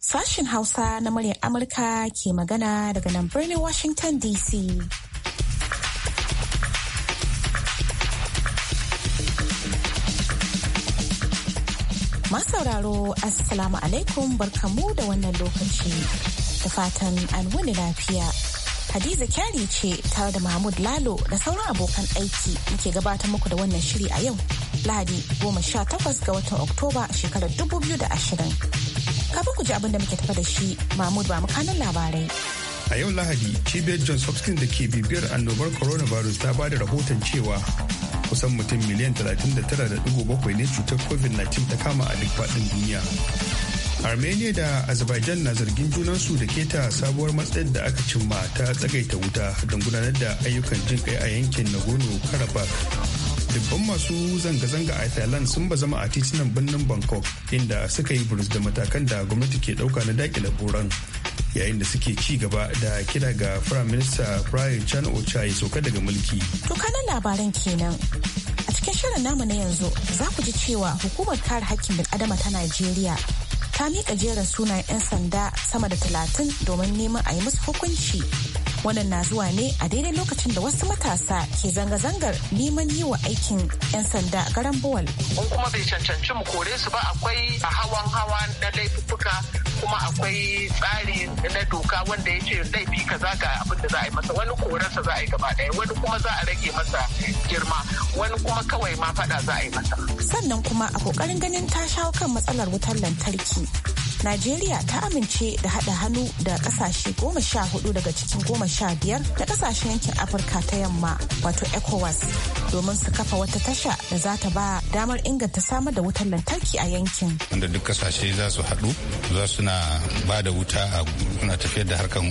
Sashen Hausa na muryar Amurka ke magana daga nan birnin Washington DC. Masauraro, Assalamu alaikum barkamu da wannan lokaci. Da fatan an wani lafiya. Hadiza Kyari ce tare da Mahmud Lalo da sauran abokan aiki muke gabatar muku da wannan shiri a yau. Lahadi 18 ga watan Oktoba shekarar 2020. Kafin ku ji abin da muke tafa da shi Mahmud ba makanan labarai. A yau Lahadi, cibiyar John Hopkins da ke bibiyar annobar coronavirus ta ba da rahoton cewa kusan mutum miliyan 39.7 ne cutar COVID-19 ta kama a duk faɗin duniya. armenia da azerbaijan na zargin junansu da keta sabuwar matsayin da aka cimma ta tsagaita wuta don gudanar da ayyukan jin kai a yankin nagorno karabakh dubban masu zanga-zanga a thailand sun ba zama a titunan birnin bangkok inda suka yi burus da matakan da gwamnati ke dauka na dakile buran yayin da suke ci gaba da kira ga prime minister prayin chan ocha ya sauka daga mulki to kanan labaran kenan a cikin shirin namu na yanzu za ku ji cewa hukumar kare hakkin bil'adama ta najeriya ta miƙa jerin sunan 'yan sanda sama da talatin domin neman a yi musu hukunci Wannan na zuwa ne a daidai lokacin da wasu matasa ke zanga-zangar neman yi wa aikin 'yan sanda garan bowal Mun kuma bai cancanci mu kore su ba akwai a hawan hawa na laifuka kuma akwai tsari na doka wanda ya ce laifi kaza ga abin da za a yi masa wani korarsa za a yi gaba ɗaya wani kuma za a rage masa girma wani kuma kawai ma faɗa za a yi masa. Sannan kuma a ƙoƙarin ganin ta shawo kan matsalar wutar lantarki Najeriya ta amince da haɗa hannu da ƙasashe goma sha hudu daga cikin goma sha biyar da ƙasashen yankin Afirka ta yamma wato ECOWAS domin su kafa wata tasha da za ta ba damar inganta samar da wutar lantarki a yankin. Wanda duk ƙasashe za su haɗu za su na ba da wuta a tafiyar da harkar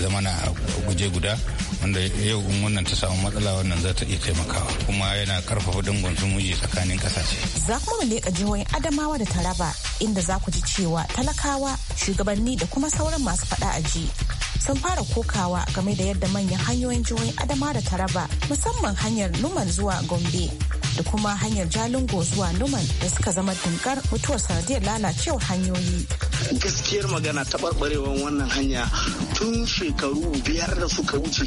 zamana a guje guda wanda yau in wannan ta samu matsala wannan za ta iya taimakawa kuma yana karfafa dangon zumunci tsakanin kasashe. Za kuma mu leƙa jihohin Adamawa da Taraba inda za ku ji cewa talakawa shugabanni da kuma sauran masu faɗa a ji sun fara kokawa game da yadda manyan hanyoyin jihohin Adamawa da Taraba musamman hanyar Numan zuwa Gombe da kuma hanyar jalingo zuwa numan da suka zama dinkar mutuwar sanadiyar lalacewa hanyoyi gaskiyar magana taɓarɓarewar wannan hanya tun shekaru biyar da suka wuce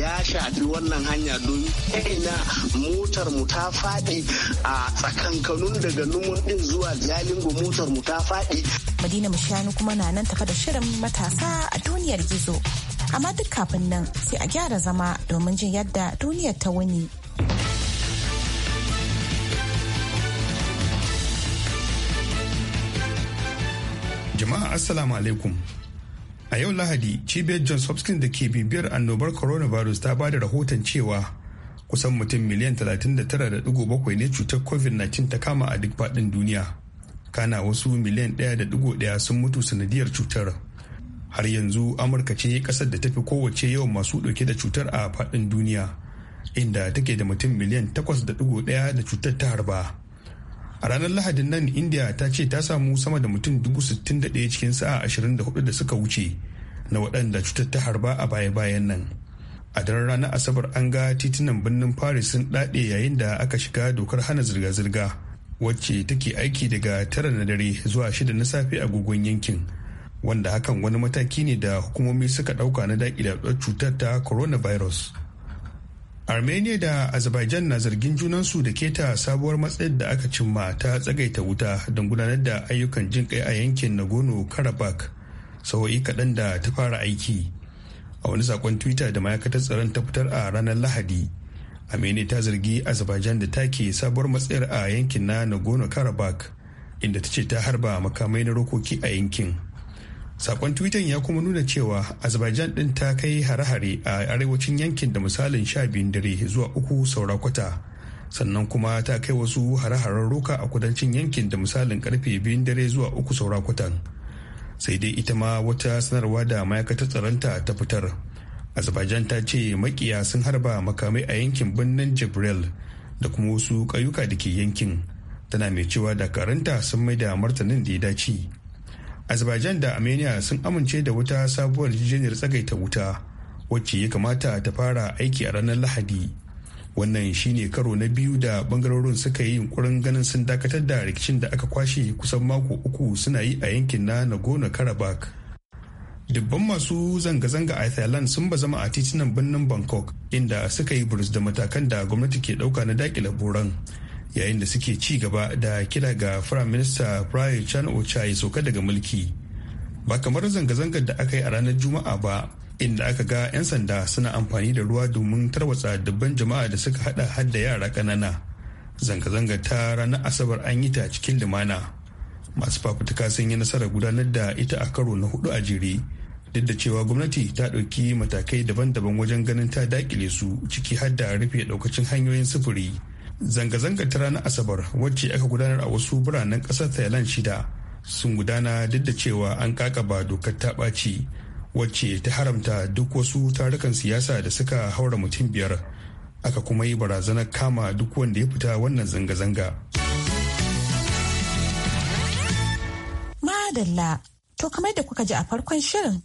ya shafi wannan hanya don ina motar mu ta faɗi a tsakankanun daga numan din zuwa jalingo motar mu ta faɗi madina mushanu kuma na nan tafa da shirin matasa a duniyar gizo amma duk kafin nan sai a gyara zama domin jin yadda duniyar ta wuni. Jama'a Assalamu alaikum. A yau Lahadi, cibiyar Johns Hopkins da ke bibiyar annobar coronavirus ta ba da rahoton cewa kusan mutum miliyan 39.7 ne cutar COVID-19 ta kama a duk faɗin duniya. Kana wasu miliyan 1.1 sun mutu sanadiyar cutar. Har yanzu Amurka ce kasar da ta fi kowace yawan masu ɗauke da cutar a faɗin duniya, inda take da mutum miliyan 8.1 da cutar ta harba. a ranar lahadin nan india ta ce ta samu sama da mutum 61 cikin sa'a 24 da suka wuce na waɗanda cutar ta harba a baya-bayan nan a daren ranar asabar an ga titunan birnin paris sun ɗaɗe yayin da aka shiga dokar hana zirga-zirga wacce take aiki daga tara na dare zuwa shida na safe a agogon yankin wanda hakan wani mataki ne da hukumomi suka ɗauka na daƙi da cutar ta coronavirus armenia da azerbaijan na zargin junansu da keta sabuwar matsayin da aka cimma ta tsagaita wuta don gudanar da ayyukan jin kai a yankin nagorno karabakh sawa'i kaɗan da ta fara aiki a wani sakon twitter da ma'aikatar tsaron ta fitar a ranar lahadi armenia ta zargi azerbaijan da ta ke sabuwar matsayar a yankin na nagorno karabakh inda ta ce ta harba makamai na rokoki a yankin sakon twitter ya kuma nuna cewa azerbaijan din ta kai hare-hare a arewacin yankin da misalin sha biyun dare zuwa uku saura kwata sannan kuma ta kai wasu hare-haren roka a kudancin yankin da misalin karfe biyun dare zuwa uku saura kwatan sai dai ita ma wata sanarwa da ma'aikatar tsaronta ta fitar azerbaijan ta ce makiya sun harba makamai a yankin birnin jibril da kuma wasu ƙauyuka da ke yankin tana mai cewa dakaranta sun mai da martanin da ya dace azerbaijan da armenia sun amince da wata sabuwar jijiyar tsagaita wuta wacce ya kamata ta fara aiki a ranar lahadi wannan shine karo na biyu da bangarorin suka yi yunkurin ganin sun dakatar da rikicin da aka kwashe kusan mako uku suna yi a yankin na nagorno karabakh dubban masu zanga-zanga a thailand sun ba zama a titunan birnin bangkok inda suka yi burus da matakan da gwamnati ke dauka na dakile buran yayin da suke ci gaba da kira ga firayim minista prayo chan ocha ya sauka daga mulki ba kamar zanga-zangar da aka yi a ranar juma'a ba inda aka ga 'yan sanda suna amfani da ruwa domin tarwatsa dubban jama'a da suka hada hadda yara kanana. zanga-zanga ta ranar asabar an yi ta cikin lumana masu fafutuka sun yi nasarar gudanar da ita a karo na hudu a jere duk da cewa gwamnati ta ɗauki matakai daban-daban wajen ganin ta dakile su ciki hadda rufe ɗaukacin hanyoyin sufuri zanga zanga ta ranar asabar wacce aka gudanar a wasu biranen ƙasar thailand shida sun gudana duk da cewa an kakaba dokar ta ɓaci wacce ta haramta duk wasu tarukan siyasa da suka haura mutum biyar aka kuma yi barazanar kama duk wanda ya fita wannan zanga-zanga. Madalla, to kamar da kuka ji a farkon shirin,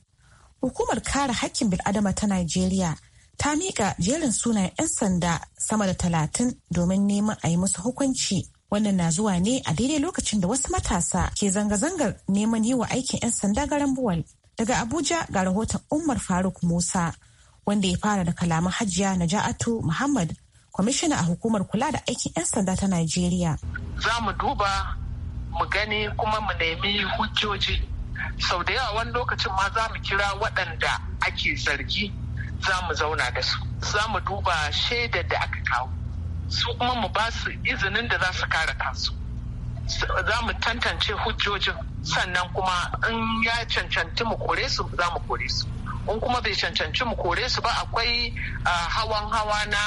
hukumar kare hakkin bil'adama ta Najeriya ta miƙa jerin sunayen 'yan sanda sama da talatin domin neman a yi musu hukunci wannan na zuwa ne a daidai lokacin da wasu matasa ke zanga-zangar neman yi wa aikin 'yan sanda garan buwal daga abuja ga rahoton umar faruk musa wanda ya fara da kalaman hajiya naja'atu muhammad kwamishina a hukumar kula da aikin 'yan sanda ta najeriya za mu duba mu gani kuma mu nemi hujjoji sau da yawa wani lokacin ma za mu kira waɗanda ake zargi za mu zauna da su za mu duba shaidar da aka kawo su kuma mu ba su izinin da za su kare kansu za mu tantance hujjojin sannan kuma in ya cancanci mu kore su za mu kore su in kuma bai cancanci mu kore su ba akwai hawan hawa na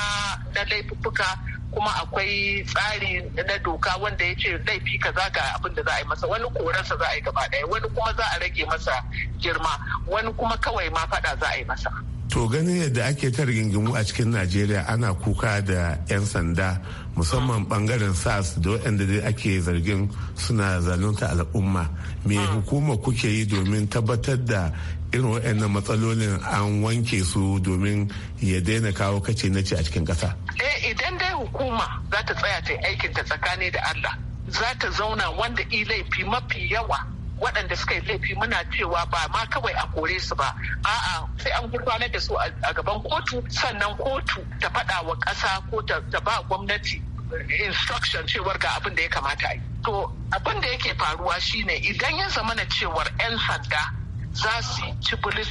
laifuffuka kuma akwai tsari na doka wanda ya ce laifi kaza ga abin da za a yi masa wani korarsa za a yi gaba ɗaya wani kuma za a rage masa girma wani kuma kawai ma faɗa za a yi masa to ganin yadda ake ta rigingimu a cikin najeriya ana kuka da 'yan sanda musamman bangaren sas da waɗanda dai ake zargin suna zalunta al'umma me ah. hukuma kuke yi domin tabbatar da irin waɗannan matsalolin an wanke su domin ya daina kawo kace na ce a cikin ƙasa eh idan dai hukuma za ta tsaya ta yi aikinta tsakani da allah za ta zauna wanda laifi mafi yawa waɗanda suka yi laifi muna cewa ba ma kawai a kore su ba a'a sai an gurfanar da su a gaban kotu sannan kotu ta faɗa wa ƙasa ko ta ba gwamnati instruction cewar ga abin da ya kamata yi to abin da yake faruwa shine idan ya zamana cewar 'yan sanda za su ci bulis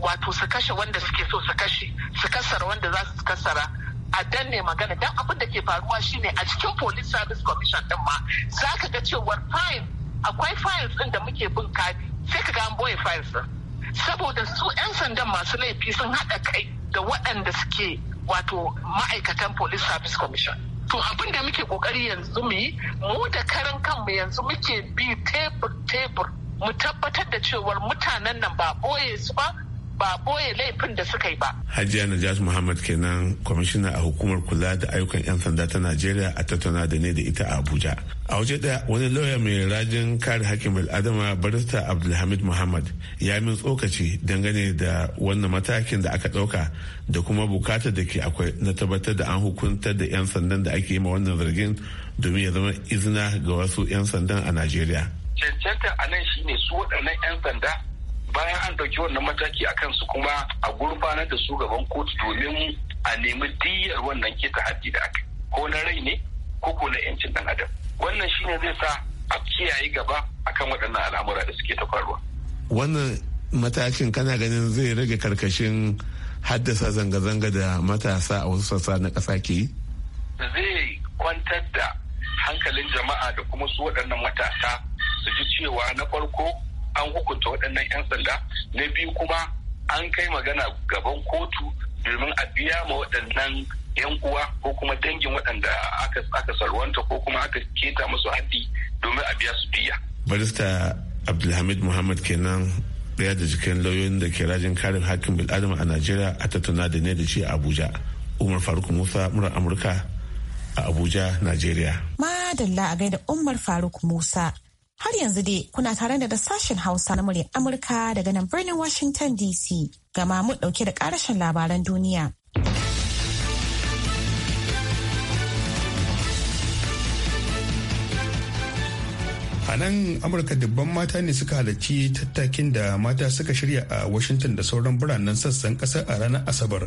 wato su kashe wanda suke so su kashe su kasara wanda za su kasara a danne magana dan abin da ke faruwa shine a cikin police service commission din ma za ka ga cewar fine akwai files ɗin da muke bin kadi sai ka ga an boye files ɗin saboda su 'yan sandan masu laifi sun haɗa kai da waɗanda suke wato ma'aikatan police service commission to abin da muke kokari yanzu mu yi mu da karan kanmu yanzu muke bi tebur tebur mu tabbatar da cewar mutanen nan ba boye su ba ba boye laifin da suka yi ba. Hajiya Najas Muhammad kenan kwamishina a hukumar kula da ayyukan 'yan sanda ta Najeriya a tattauna da ne da ita a Abuja. A waje ɗaya wani lauya mai rajin kare hakkin bil'adama barista Abdulhamid Muhammad ya min tsokaci dangane da wannan matakin da aka ɗauka da kuma bukatar da ke akwai na tabbatar da an hukuntar da 'yan sandan da ake yi ma wannan zargin domin ya zama izina ga wasu 'yan sandan a Najeriya. Cancanta a nan shine su waɗannan 'yan sanda bayan an ɗauki wannan mataki a kansu kuma a gurfanar da su gaban kotu domin a nemi diyyar wannan keta haddi da aka ko na rai ne ko ko na yancin ɗan adam wannan shine zai sa a kiyaye gaba akan waɗannan al'amura da suke ta faruwa wannan matakin kana ganin zai rage karkashin haddasa zanga-zanga da matasa a wasu sassa na ƙasa ke yi? Zai kwantar da hankalin jama'a da kuma su waɗannan matasa su ji cewa na farko an hukunta waɗannan 'yan sanda na biyu kuma an kai magana gaban kotu domin a biya ma waɗannan 'yan uwa ko kuma dangin waɗanda aka salwanta ko kuma aka keta masu haddi domin a biya su biya. barista abdulhamid muhammad kenan ɗaya da jikin lauyoyin da ke rajin karin hakkin bil'adama a najeriya a tattauna da ne da ce a abuja umar faruk musa murar amurka a abuja najeriya madalla a gaida umar faruk musa Har yanzu dai kuna tare da sashen Hausa na muryar Amurka daga nan birnin Washington DC ga mu dauke da karashin labaran duniya. A nan Amurka dubban mata ne suka halarci tattakin da mata suka shirya a Washington da sauran biranen sassan kasar a ranar Asabar,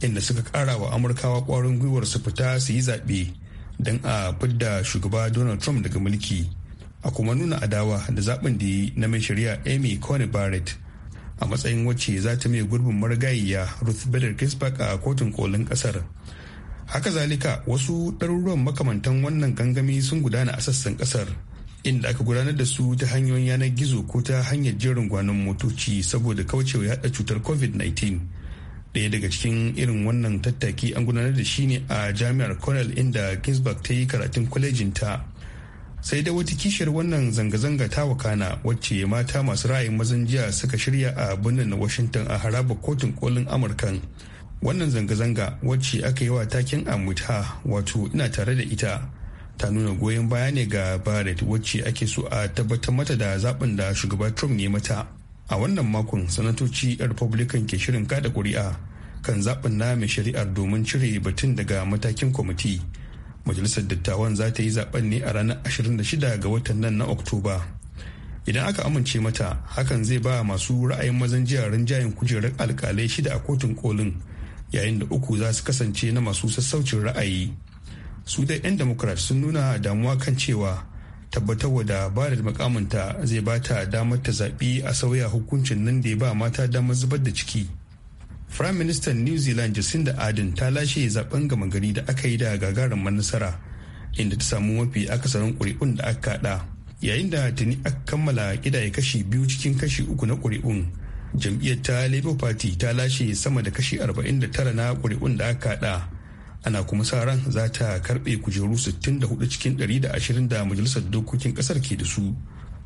inda suka kara wa Amurkawa kwarin gwiwar su fita su yi zaɓe don a fidda shugaba Donald Trump daga mulki. a kuma nuna adawa da zaben da yi na mai shari'a amy coney barrett a matsayin wacce za ta mai gurbin marigayiya ruth bader ginsburg a kotun kolin kasar haka zalika wasu ɗaruruwan makamantan wannan gangami sun gudana a sassan kasar inda aka gudanar da su ta hanyoyin yanar gizo ko ta hanyar jerin gwanon motoci saboda kaucewa yada cutar covid-19 Daya daga cikin irin wannan tattaki an gudanar da shi ne a jami'ar cornell inda ginsburg ta yi karatun kwalejinta sai dai wata kishiyar wannan zanga-zanga ta wakana wacce mata masu ra'ayin mazan jiya suka shirya a birnin washington a haraba kotun kolin amurkan wannan zanga-zanga wacce aka yi wa takin amutha wato ina tare da ita ta nuna goyon baya ne ga barrett wacce ake so a tabbatar mata da zaben da shugaba trump ne mata a wannan makon sanatoci republican ke shirin kada kuri'a kan zaben na mai shari'ar domin cire batun daga matakin kwamiti majalisar dattawan za ta yi zaben ne a ranar 26 ga watan nan na oktoba idan aka amince mata hakan zai ba masu ra'ayin mazan jiya rinjayen kujerar alkalai shida a kotun kolin yayin da uku za su kasance na masu sassaucin ra'ayi su dai 'yan democrat sun nuna damuwa kan cewa tabbatarwa da ba da makamunta zai ba ta damar ta zaɓi a sauya hukuncin nan da ya ba mata damar zubar da ciki Prime Minister New Zealand Jacinda Ardern ta lashe zaben gama gari da aka yi da gagarin nasara inda ta samu mafi akasarin ƙuri'un da aka kaɗa. Yayin da tuni aka kammala kidaya kashi biyu cikin kashi uku na ƙuri'un. Jam'iyyar ta Labour Party ta lashe sama da kashi 49 na ƙuri'un da aka kaɗa. Ana kuma sa ran za ta karɓe kujeru 64 cikin 120 da majalisar dokokin kasar ke da su.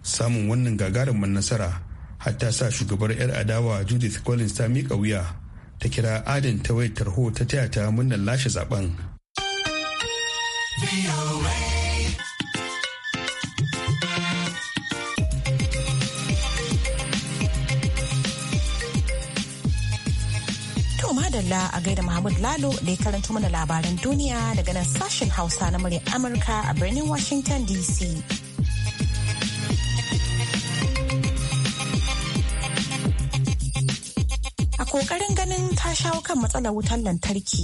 Samun wannan gagarumar nasara hatta sa shugabar 'yar adawa Judith Collins ta miƙa wuya ta kira adin ta wai tarho ta taya ta murnar lashe zaben. madalla a gaida Mahmud Lalo da ya karanta mana labaran duniya daga nan sashen Hausa na murya Amurka a birnin Washington DC. kokarin ganin ta shawo kan matsalar wutar lantarki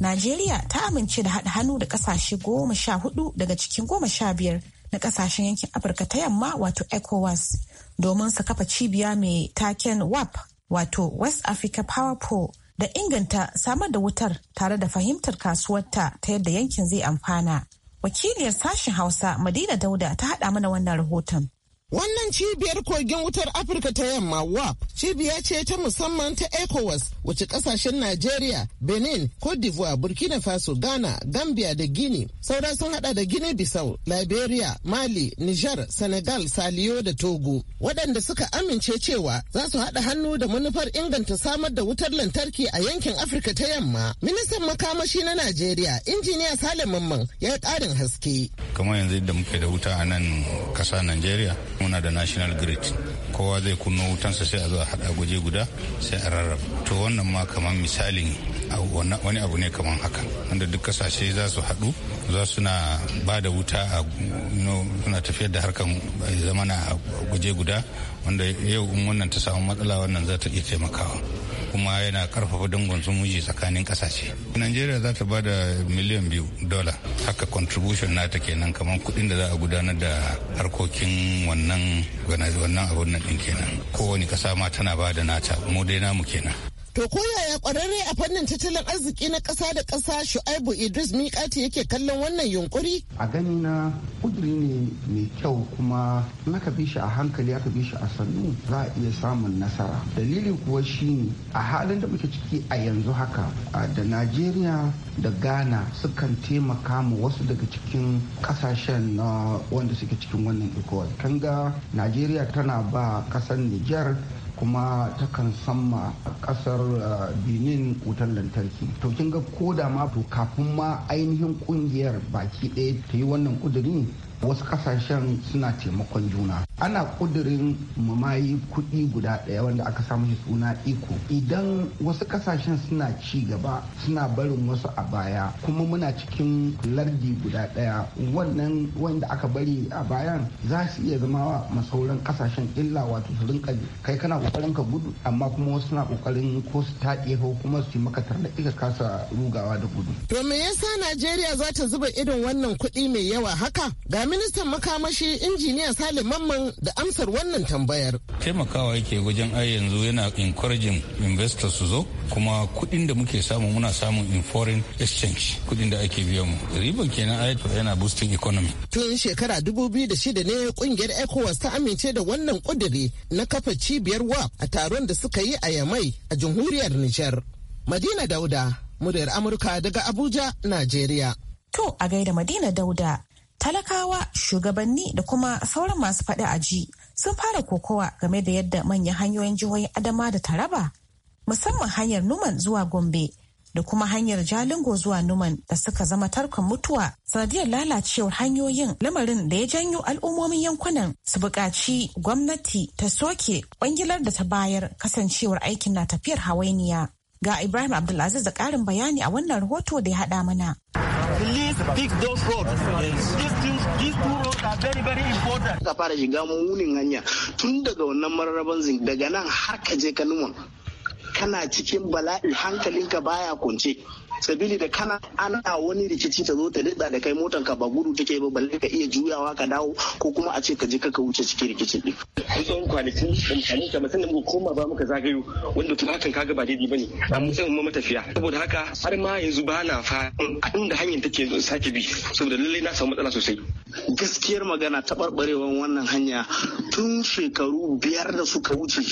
najeriya ta amince da haɗa hannu da ƙasashe goma sha hudu daga cikin goma sha biyar na ƙasashen yankin afirka ta yamma wato ecowas domin su kafa cibiya mai taken wap wato west africa power pool da inganta samar da wutar tare da fahimtar kasuwarta ta yadda yankin zai amfana wakiliyar sashen hausa madina dauda ta haɗa mana wannan rahoton Wannan cibiyar kogin wutar Afirka ta yamma WAP cibiya ce ta musamman ta ECOWAS wacce kasashen Najeriya, Benin, Cote d'Ivoire, Burkina Faso, Ghana, Gambia da Guinea. Saura sun hada da Guinea Bissau, Liberia, Mali, Niger, Senegal, Saliyo da Togo. Waɗanda suka amince cewa za su haɗa hannu da manufar inganta samar da wutar lantarki a yankin Afirka ta yamma. Ministan makamashi na Najeriya, Injiniya Salim Mamman ya ƙarin haske. Kamar yanzu da muke da wuta a nan ƙasa Najeriya. muna da national grid kowa zai kunno wutansa sai a zo a hada guje guda sai a rarraba to wannan ma kamar misali wani abu ne kamar haka wanda duk kasashe za su haɗu za na ba da wuta a suna tafiyar da harkan eh, zamana a guje guda wanda yau in wannan ta samu matsala wannan za ta iya taimakawa kuma yana karfafa dangon muji tsakanin kasashe najeriya za ta ba da miliyan biyu dola haka contribution na nata kenan kamar kudin da za a gudanar da harkokin wannan wannan abun nan din kenan kowane kasa ma tana ba da nata mu dai namu kenan To ko yaya kwararre a fannin tattalin arziki na ƙasa da ƙasa Shu'aibu Idris Miƙati yake kallon wannan yunkuri? A gani na kuduri ne mai kyau kuma in aka bi shi a hankali aka bi shi a sannu za a iya samun nasara. Dalilin kuwa shine a halin da muke ciki a yanzu haka da Najeriya da Ghana sukan taimaka mu wasu daga cikin kasashen na wanda suke cikin wannan ECOWAS. Kanga Najeriya tana ba kasar Nijar kuma takan samma kasar eh, benin wutar lantarki to kin ga ko da ma to kafin ma ainihin kungiyar baki ɗaya ta yi wannan kudirin wasu kasashen suna taimakon juna ana kudirin mamayi kuɗi guda ɗaya wanda aka samu shi suna iko idan wasu kasashen suna ci gaba suna barin wasu a baya kuma muna cikin lardi guda ɗaya wannan wanda aka bari a bayan za su iya zama wa masauran kasashen illa wato su rinka kai kana kokarin ka gudu amma kuma wasu na kokarin ko su taɗe ko kuma su yi maka ika kasa rugawa da gudu. To me yasa Najeriya za ta zuba irin wannan kuɗi mai yawa haka? ministan makamashi injiniya salim mamman da amsar wannan tambayar taimakawa yake wajen ai yanzu yana encouraging investors su zo kuma kudin da muke samu muna samun in foreign exchange kudin da ake biya mu riban kenan ai yana boosting economy tun shekara 2006 ne kungiyar ecowas ta amince da wannan kuduri na kafa cibiyar wa a taron da suka yi a yamai a jamhuriyar niger madina dauda muryar amurka daga abuja nigeria. To a gaida Madina Dauda. talakawa shugabanni da kuma sauran masu faɗi a ji sun fara kokowa game da yadda manyan hanyoyin jihohin adama da taraba musamman hanyar numan zuwa gombe da kuma hanyar jalingo zuwa numan da suka zama tarkon mutuwa sanadiyar lalacewar hanyoyin lamarin da ya janyo al'ummomin yankunan su buƙaci gwamnati ta soke kwangilar da ta bayar kasancewar aikin na tafiyar hawainiya ga ibrahim abdulaziz da ƙarin bayani a wannan rahoto da ya haɗa mana please pick those roads. These two, these two roads are very very important. Ka fara shiga munin hanya tun daga wannan mararraban zinc daga nan har ka je Kano kana cikin bala'i hankalinka baya kunce. sabili da kana ana wani rikici ta zo ta dada da kai motan ka ba gudu take ba balle ka iya juyawa ka dawo ko kuma a ce ka je ka wuce cikin rikicin din an tsawon kwanakin amfani ta mutum da muka koma ba muka zagayo wanda tun hakan kaga ba daidai bane a musamman matafiya saboda haka har ma yanzu ba na fa inda hanyar take sake bi saboda lallai na samu matsala sosai gaskiyar magana taɓarɓarewar wannan hanya tun shekaru biyar da suka wuce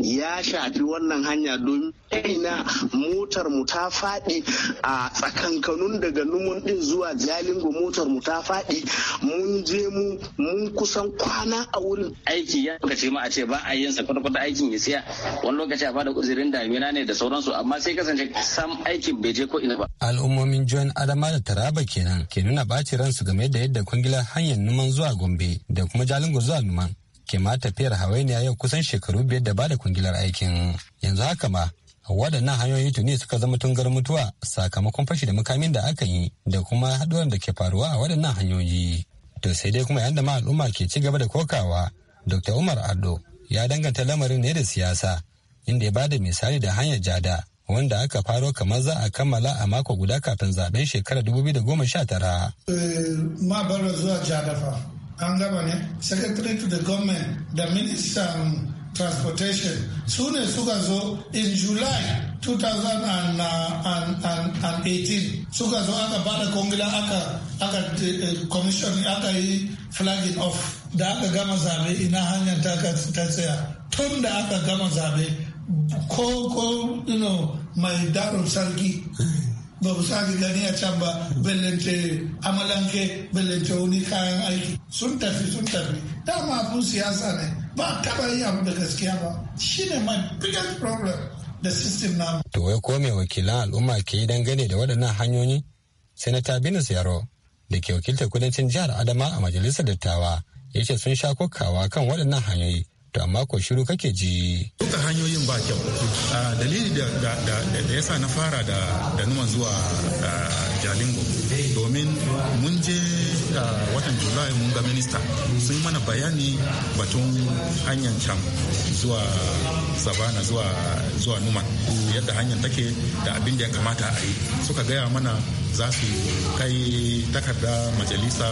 ya shafi wannan hanya domin ina motar mu ta faɗi a tsakankanun daga numun din zuwa jalingo motar mu ta faɗi mun je mu mun kusan kwana a wurin aiki ya lokaci ma a ce ba a yin sa kwata aikin ya siya wani lokaci a bada uzurin damina ne da sauransu amma sai kasance sam aikin bai je ko ina ba al'ummomin john adama da taraba kenan ke nuna ɓaci ransu game da yadda kwangilar hanyar numan zuwa gombe da kuma jalingo zuwa numan ke ma tafiyar hawainiya yau kusan shekaru biyar da bada kungilar aikin yanzu haka ma waɗannan hanyoyi tuni suka zama tungar mutuwa sakamakon fashi da mukamin da aka yi da kuma haɗuwar da ke faruwa a waɗannan hanyoyi to sai dai kuma yanda ma al'umma ke ci gaba da kokawa dr umar addo ya danganta lamarin ne da siyasa inda ya bada misali da hanyar jada wanda aka faro kamar za a kammala a mako guda kafin zaben shekarar 2019. Eh, ma bar zuwa tara. an gama ne secretary to the government da ministan transportation su ne suka zo in july 2018 uh, suka zo aka bada kongila aka aka eh, eh, commission aka yi flagging off da aka gama zabe ina hanyar ta tsaya tun da aka gama zabe ko ko you know, mai daron sarki ba ku sa gani a can ba bellente amalanke bellente wani kayan aiki sun tafi sun tafi dama abun siyasa ne ba taba yi abu da gaskiya ba shine my biggest problem da system na to wai ko me wakilan al'umma ke yi dangane da waɗannan hanyoyi sanata binus yaro da ke wakiltar kudancin jihar adama a majalisar dattawa ya ce sun sha kokawa kan waɗannan hanyoyi to amma ko shiru kake ji. Duka hanyoyin ba kyau. Ah, dalili da ya sa na fara da numan zuwa ah, jalingo domin mun je watan julai mun ga minista sun mana bayani batun hanyar can zuwa sabana zuwa zuwa yadda hanyar take da abin da ya kamata a yi suka gaya mana za su kai takarda majalisa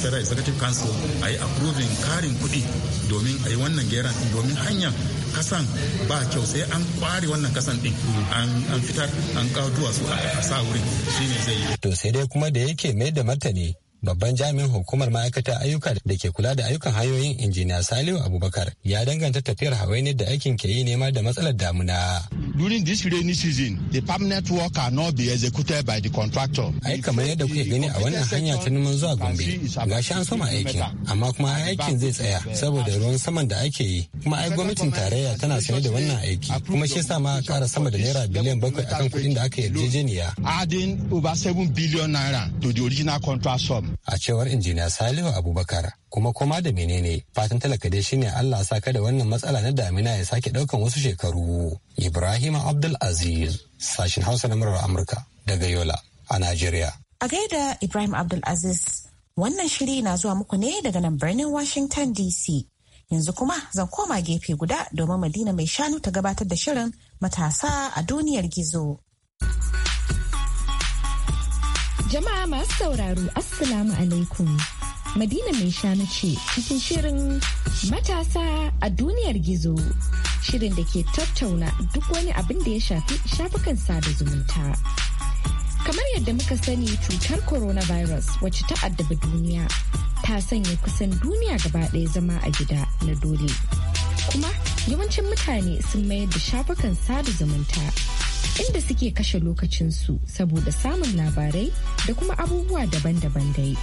federal executive council a yi approving karin kudi domin a yi wannan geran domin hanyar kasan ba kyau sai an kware wannan kasan din an fitar an kawo duwatsu a kasa wurin shine zai yi to sai dai kuma da yake mai da martani babban jami'in hukumar ma'aikatar ayyuka da ke kula da ayyukan hanyoyin injiniya salihu abubakar ya danganta tafiyar ne da aikin ke yi nema da matsalar damuna during this rainy season the permanent work cannot be executed by the contractor ai kamar yadda kuke gani a wannan hanya ta neman zuwa gombe shi an soma aikin amma kuma aikin zai tsaya saboda ruwan saman da ake yi kuma ai gwamnatin tarayya tana sanye da wannan aiki kuma shi yasa ma kara sama da naira biliyan bakwai akan kuɗin da aka yarjejeniya adding over 7 billion naira to the original contract sum a cewar injiniya salihu abubakar kuma koma da menene fatan talaka dai shine allah sa kada wannan matsala na damina ya sake daukan wasu shekaru ibrahim abdul aziz sashin hausa na murar amurka daga yola a nigeria a gaida ibrahim abdul aziz wannan shiri na zuwa muku ne daga nan birnin washington dc yanzu kuma zan koma gefe guda domin madina mai shanu ta gabatar da shirin matasa a duniyar gizo. Jama'a masu sauraro Assalamu alaikum. Madina mai shanu ce cikin shirin matasa a duniyar gizo. Shirin da ke tattauna duk wani abin da ya shafi shafukan sada zumunta. Kamar yadda muka sani cutar coronavirus wacce ta addaba duniya ta sanya kusan duniya gaba ɗaya zama a gida na dole. Kuma yawancin mutane sun mayar da shafukan sada zumunta inda suke kashe lokacinsu saboda samun labarai da kuma abubuwa daban-daban dai.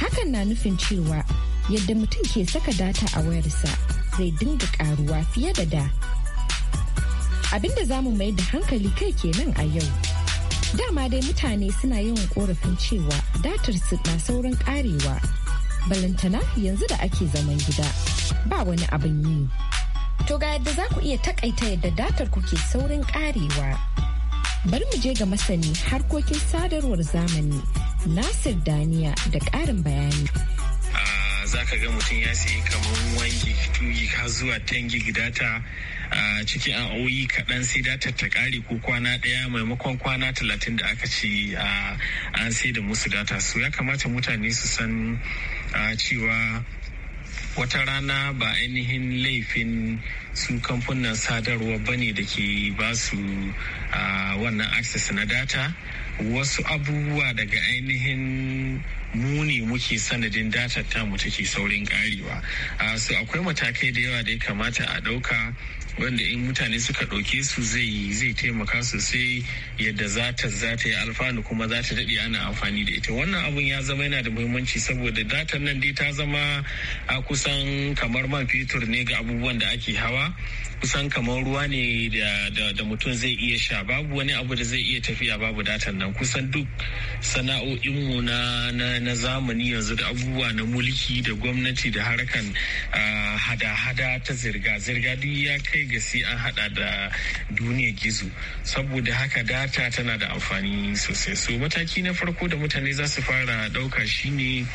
Hakan na nufin cewa yadda mutum ke saka data a wayarsa zai dinga karuwa fiye da da. Abinda za mu mai da hankali kai kenan a yau. Dama dai mutane suna yawan korafin cewa datar su na saurin karewa. Balantana yanzu da ake zaman gida ba wani abin yi. To ga yadda za ku iya takaita yadda datar ku ke saurin karewa. Bari mu je ga masani harkokin sadarwar zamani Nasir Daniya da ƙarin bayani. za ka ga mutum ya sayi kamar 1 gig 2 gig har zuwa 10 gig data a cikin auyi kaɗan sai datar ta ƙare ko kwana ɗaya maimakon kwana talatin da aka ce an sai da musu data so ya kamata mutane su san cewa wata rana ba ainihin laifin su kamfanin sadarwa ba ne da ke ba su wannan access na data wasu abubuwa daga ainihin muni muke sanadin data ta mu take saurin karewa su akwai matakai da yawa da ya kamata a ɗauka wanda in mutane suka ɗauke su zai zai taimaka sosai yadda za ta za ta yi alfanu kuma za ta daɗe ana amfani da ita wannan abun ya zama yana da muhimmanci saboda datar nan dai ta zama a kusan kamar man fetur ne ga abubuwan da ake hawa kusan kamar ruwa ne da mutum zai iya sha babu wani abu da zai iya tafiya babu datan nan kusan duk sana'o'in mu na, na zamani yanzu da abubuwa na mulki da gwamnati da harkan hada-hada ta zirga-zirga duk ya kai legacy an hada da duniya gizo saboda haka data tana da amfani sosai so mataki na farko da mutane za su fara dauka shine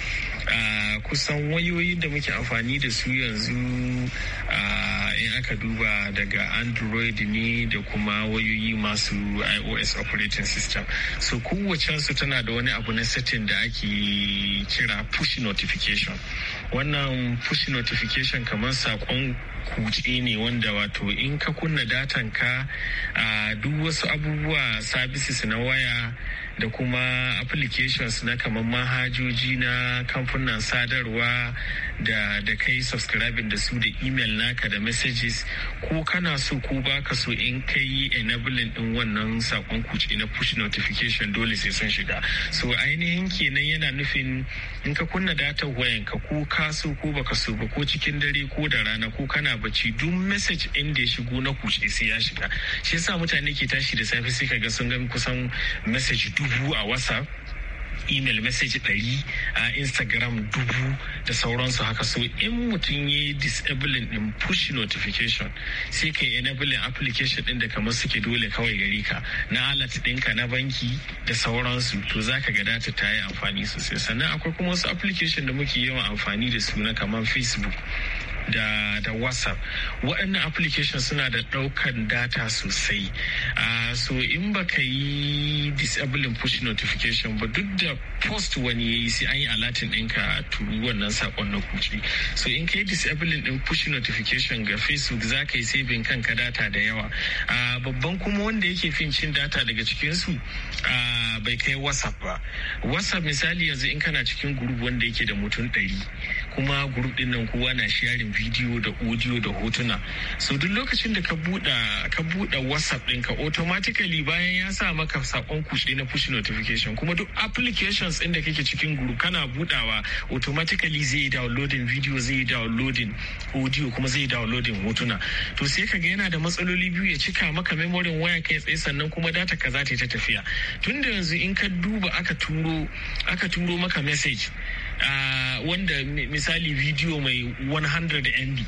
kusan wayoyin da muke amfani da su yanzu in aka duba daga android ne da kuma wayoyi masu ios operating system so kowacensu tana da wani abu na setting da ake kira push notification wannan push notification kamar sakon kuce ne wanda wato wato in ka kunna datan ka ah, duk wasu abubuwa sabisis na waya da kuma applications na kamar manhajoji na kamfunan sadarwa da da kai subscribing da su da email naka da messages ko kana so ko baka so in kai enabling din wannan sakon kuce na push notification dole sai sun shiga so ainihin kenan yana nufin in ka kunna data wayanka ko ka so ko baka so ba ko cikin dare ko da rana ko kana bacci duk message in da ya shigo na kuce sai ya shiga shi yasa mutane ke tashi da safe sai ka ga sun ga kusan message dubu a whatsapp email message ɗari a instagram dubu da sauransu haka so in mutum ya yi disabling din push notification sai ka enabling application ɗin da kamar suke dole kawai gari ka na alat ɗinka na banki da sauransu to za ka gada ta yi amfani sosai sannan akwai kuma wasu application da muke yawan amfani da su na kamar facebook da, da whatsapp waɗannan application suna da ɗaukan data sosai uh, so in ba ka yi disabling push notification ba duk da post wani ya yi sai an yi alatin ɗinka turu wannan sakon na kuci so in ka yi disabling ɗin push notification ga facebook za ka yi saving kanka data da yawa uh, babban kuma wanda yake fin cin data daga cikinsu uh, bai kai whatsapp ba whatsapp misali yanzu in kana cikin group wanda yake da mutum ɗari kuma gurup din nan kowa na sharing video da audio da hotuna so duk lokacin da ka buɗa ka buɗa whatsapp ɗinka automatically bayan ya sa maka sakon kuɗi na push notification kuma duk applications ɗin da kake cikin group kana buɗawa automatically zai downloading video zai downloading audio kuma zai downloading hotuna to sai ka ga yana da matsaloli biyu ya cika maka memorin waya kai tsaye sannan kuma data ka za ta yi ta tafiya tunda yanzu in ka duba aka turo aka turo maka message Ah, wanda misali video mai 100 mb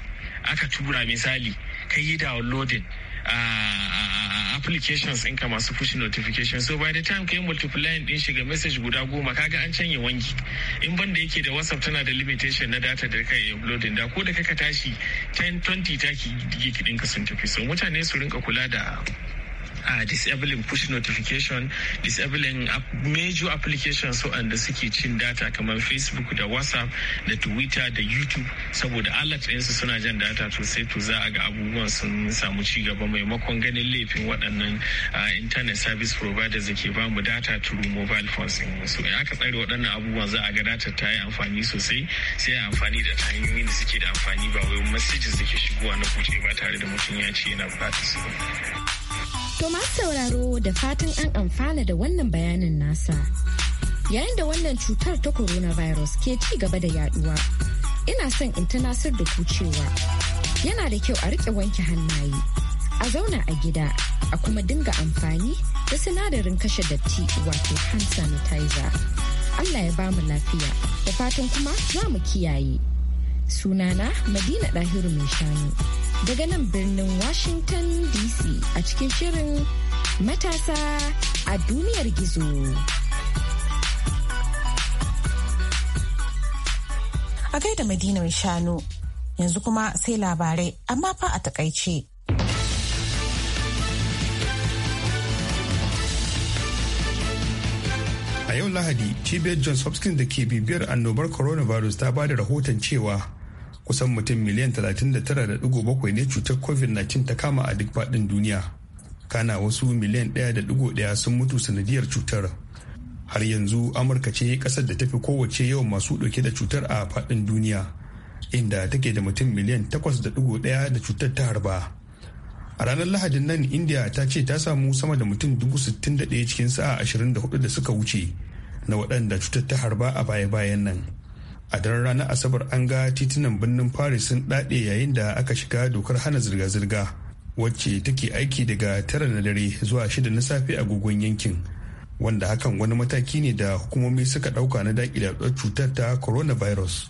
aka tura misali ka yi downloading uh, applications ɗinka masu push notification so by the time kai multiplying ɗin shiga message guda goma kaga an canye wangi in banda yake da whatsapp tana da limitation na data da kai uploading da ko da kaka tashi 10 20 taki gigi ɗinka sun tafi so mutane su rinka kula da uh, disabling push notification disabling ap major applications waɗanda suke cin data kamar facebook da whatsapp da twitter da youtube saboda alert ɗinsu suna jan data to sai to za a ga abubuwan sun samu ci gaba maimakon ganin laifin waɗannan uh, internet service providers da ke bamu data through mobile phones so in aka tsare waɗannan abubuwan za a ga data ta yi amfani sosai sai a amfani da ta hanyoyin da suke da amfani ba wai messages da ke shigowa na kuce ba tare da mutum ya ce yana bukatar su ba. To masu sauraro da fatan an amfana da wannan bayanin nasa. Yayin da wannan cutar ta coronavirus ke ci gaba da yaduwa, ina son in ta nasar da ku cewa yana da kyau a riƙe wanke hannaye, a zauna a gida, a kuma dinga amfani da sinadarin kashe datti wato hand sanitizer. Allah ya bamu lafiya, da fatan kuma za mu kiyaye. Sunana Madina Ɗahiru Mai Shanu. daga nan birnin Washington DC a cikin shirin matasa a duniyar gizo. A gaida Madina mai shanu yanzu kuma sai labarai amma fa a takaice. A yau Lahadi, cibiyar Johns Hopkins da ke bibiyar annobar coronavirus ta ba da rahoton cewa kusan mutum miliyan 39.7 ne cutar covid-19 ta kama a duk faɗin duniya kana wasu miliyan 1.1 sun mutu sanadiyar cutar har yanzu amurka ce kasar da tafi kowace yawan masu ɗauke da cutar a faɗin duniya inda take da mutum miliyan 8.1 da cutar ta harba a ranar lahadin nan india ta ce ta samu sama da mutum 61 cikin sa'a 24 da suka wuce na waɗanda cutar ta harba a baya-bayan nan a daren ranar asabar an ga titunan birnin paris sun daɗe yayin da aka shiga dokar hana zirga-zirga wacce take aiki daga tara na dare zuwa shida na safe agogon yankin wanda hakan wani mataki ne da hukumomi suka ɗauka na daƙile cutar ta coronavirus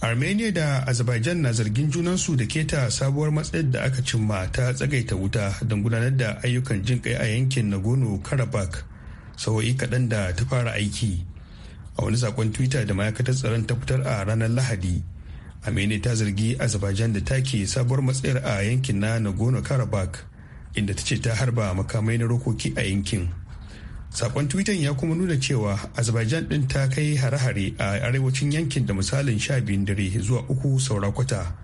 armenia da azerbaijan na zargin junansu da keta sabuwar matsayin da aka cimma ta tsagaita wuta don gudanar da ayyukan jin kai a yankin nagorno karabakh sauyi kaɗan da ta fara aiki a wani sakon twitter da ma'aikatar tsaron ta a ranar lahadi amene ta zargi azerbaijan da take sabuwar matsayar a yankin na nagorno karabakh inda ta ce ta harba makamai na rokoki a yankin sakon twitter ya kuma nuna cewa azerbaijan din ta kai hare-hare a arewacin yankin da misalin sha biyun dare zuwa uku saura kwata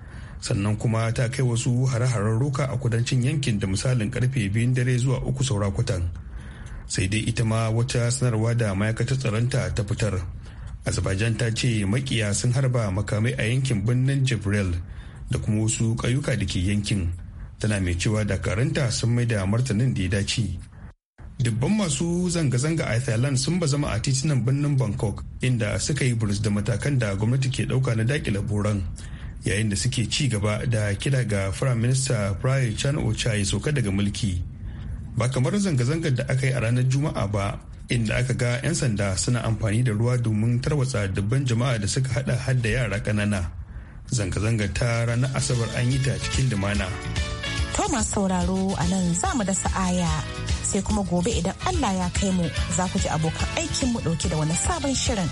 sannan kuma ta kai wasu hare-haren roka a kudancin yankin da misalin karfe biyun dare zuwa uku saura kwatan sai dai ita ma wata sanarwa da ma'aikatar tsaronta ta fitar azerbaijan ta ce makiya sun harba makamai a yankin birnin jibril da kuma wasu ƙauyuka da ke yankin tana mai cewa dakaranta sun mai da martanin da ya dace dubban masu zanga-zanga a thailand sun ba zama a titunan birnin bangkok inda suka yi burus da matakan da gwamnati ke dauka na dakile boran yayin da suke ci gaba da kira ga firayim minista chan ocha ya sauka daga mulki ba kamar zanga-zangar da aka yi a ranar juma'a ba inda aka ga 'yan sanda suna amfani da ruwa domin tarwatsa dubban jama'a da suka hada hadda yara kanana zanga-zangar ta ranar asabar an yi ta cikin dumana. Thomas sauraro a nan za mu da sa'aya sai kuma gobe idan Allah ya kai mu za ku ji abokan aikin mu dauke da wani sabon shirin.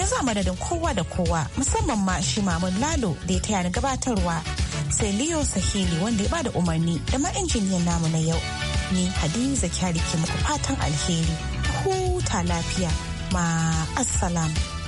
Ya za madadin kowa da kowa musamman ma shi Mamun Lalo da ya taya ni gabatarwa sai Leo Sahili wanda ya bada umarni da ma injiniyan namu na yau. ni hadiza kyari ke muku fatan alheri huta lafiya ma